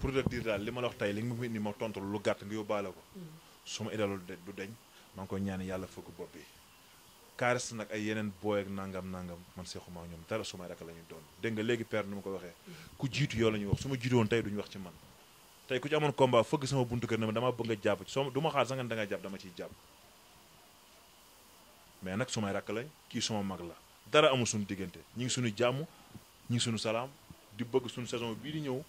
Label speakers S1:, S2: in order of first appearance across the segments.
S1: pour te dire li ma la wax tey li nga ma fi indi ma tontu lu gàtt nga yóbbaale ko. Mm. su ma idalul de du deñ maa koy ñaan yàlla fëgg bopp bi. kaaris nag ay yeneen booy ak nangam nangam man seexuma ñoom dara su may rak la ñuy doon dégg nga léegi per ni ma ko waxee. Mm. ku jiitu yow la ñuy wax su ma jiitoon tey duñu wax ci man. tey ku ci amoon combat fëgg sama buntu kër ne ma dama bëgg a jàpp soo du ma xaar sax nga da nga jàpp dama ciy jàpp. mais nag su may rakk lañ kii suma mag la dara amul suñu diggante ñi ngi suñu jàmm ñi suñu salaam di bëgg suñu saison bii di ñëw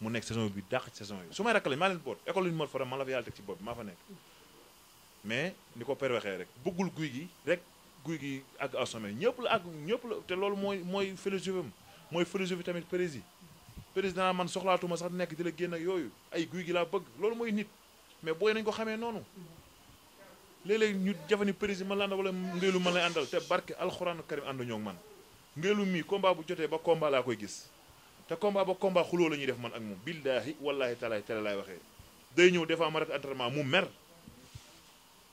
S1: mu nekk saison bi dàq saison yi su may rakk lañ maa leen boot école luñu mot faram man la fa yàlla teg ci bopp maa fa nekk mais ni ko per waxee rek bëggul guy gi rek guy gi àgg à sommet ñëpp la àgg ñëpp la te loolu mooy mooy philosophie am mooy philosophie tamit prési président man soxlaatuma sax nekk di la génn ak yooyu ay guy gi laa bëgg loolu mooy nit mais booy nañ ko xamee noonu léeg-léeg ñu jafe ni président man la àndal wala ngéelu man lay àndal te barke alxuraanu karim man ngéelu mii combat bu jotee ba combat laa koy gis te combat ba combat xuloo la ñuy def man ak moom billaahi wallaahi taalaahi tele laay waxee day ñëw des fois ma rek mu mer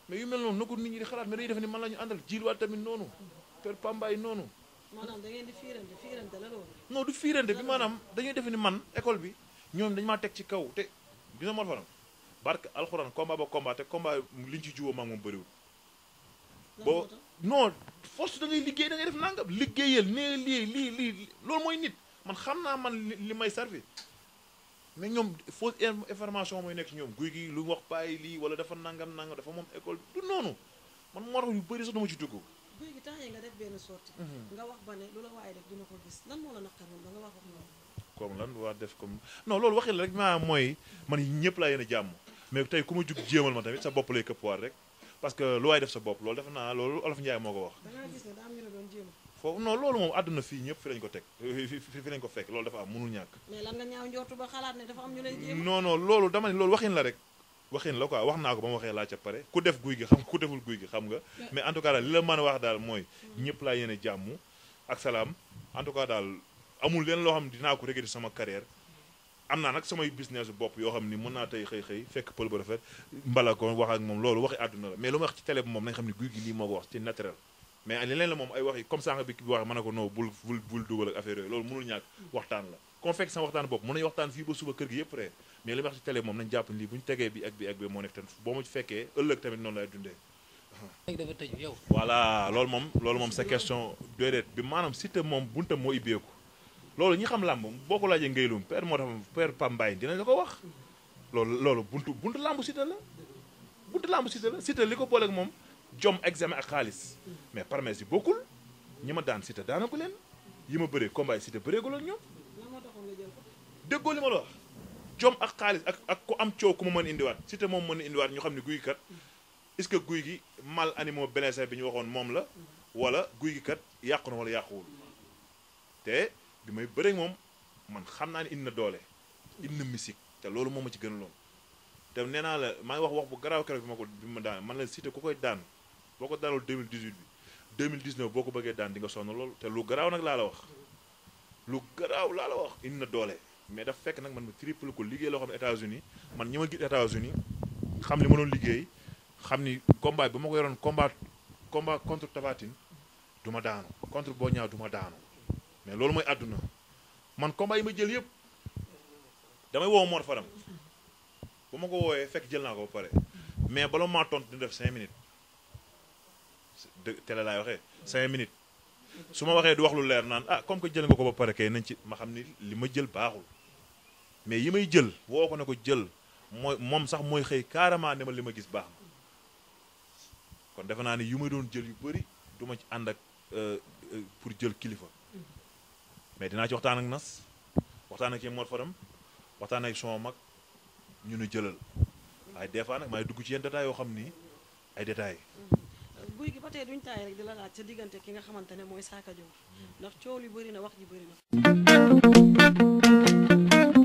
S1: mais yu mel noonu na ko nit ñi xalaat mais day def ni man ñu àndal jiilwaat tamit noonu per noonu maanaam da ngeen di maanaam dañuy def ni man école bi ñoom dañu maa teg ci kaw te dina ma faram barke alxuraan combat ba combat te combat liñ ci juwoo maa moom bëriwul boo non force da ngay liggéey da ngay def nangam liggéeyal nee lii lii lii loolu mooy nit man xam naa man li may servi mais ñoom fausse information mooy nekk ci ñoom guy gi lu wax bàyyi lii wala dafa nangam nangam dafa moom école du noonu man moo tax yu bëri sax dama ci dugg. guy gi tax nga def benn sortie. Mhm. nga wax ba ne lu la waaye def dina ko gis lan moo la naqaroon ba nga wax ak moom. comme lan waa def comme non loolu waxi la rek maa mooy man ñëpp laa yéen jàmm mais tey ku ma jug jéemal ma tamit sa bopp lay këpp waar rek parce que sa bopp loolu def naa loolu Olof moo ko wax. foofu non loolu moom àdduna fii ñëpp fi lañ ko teg fi lañ ko fekk loolu dafa am mënul ñàkk. mais lan nga loolu dama ne loolu waxin la rek waxin la quoi wax naa ko ba ma waxee laa ca pare ku def guy gi xam ku deful guy gi xam nga. mais en tout cas daal li la man a wax daal mooy. ñëpp laa yéene jàmm ak salaam en tout cas daal amul leen loo xam ne dinaa ko regretter sama carrière am naa nag samay business bopp yoo xam ni mun naa tey xëy xëy fekk pël bu rafet mbala ko wax ak moom loolu waxi àdduna la mais lu ma moom nañ xam ne guy gi moo wax ci naturel mais leneen la moom ay wax yi comme sànq bi bi waxee mën na ko non bul bul bul dugal ak affaire loolu mënul ñàkk waxtaan la kon fekk sama waxtaan bopp mën nañu waxtaan fii ba suba kër gi yëpp ree mais li ma moom loolu moom sa question déedéet bi maanaam moom buntam moo ibbeeku loolu ñi xam làmb boo ko laajee ngaylum père moo tax père Pambaay dinañ la ko wax loolu loolu buntu buntu làmb Siteu la buntu làmb Siteu la Siteu li ko booleeg moom jom examen ak xaalis mais parmèse yi bokkul ñi ma daan Siteu daanagu leen yi ma bëree combat yi Siteu bëreegul ak ñoom déggoo li ma la wax jom ak xaalis ak ak ku am coow ku ma mën indiwaat Siteu moom mën indiwaat ñu xam ne guy kat est-ce que guy gi mal animaux blessé bi ñu waxoon moom la wala guy gi kat yàqu na wala yàquwul te bi may bëre moom man xam naa ne indi na doole indi na musique te loolu moom ma ci gën te nee naa la maa ngi wax wax bu garaaw keroog bi ma ko ma daan man la Siteu daan boo ko daanul 2018 bi 2019 boo ko bëggee daan di nga sonn loolu te lu garaaw nag laa la wax lu garaaw laa la wax indi na doole mais daf fekk nag man ma triple ko liggéey loo xam ne États-Unis man ñi ma gis États-Unis xam li ma doon liggéey xam ni combat bi ba ma ko yoroon combat combat contre Tafatine du ma daanu contre Boña du ma daanu mais loolu mooy àdduna man combat yi ma jël yëpp damay woo Mor Fadam bu ma ko woowee fekk jël naa ko ba pare mais bala maa tontu def 5 minutes. télé laay waxee cinq minutes su ma waxee du wax lu leer naan ah comme que jël nga ko ba pare kay nañ ci ma xam ni li ma jël baaxul mais yi may jël woo ko ne ko jël mooy moom sax mooy xëy carrément ne ma li ma gis baax na kon defe naa ni yu ma doon jël yu bëri du ma ci ànd ak euh, euh, pour jël kilifa mais dinaa ci waxtaan ak nas waxtaan ak Mor Fadam waxtaan ak son mag ñu nu jëlal waaye des fois nag maay dugg ci yenn détails yoo xam ni ay détails guy gi ba tey duñ taay rek di la laaj sa diggante ki nga xamante ne mooy Sakho Dior mm. ndax coow li bëri na wax ji bëri na.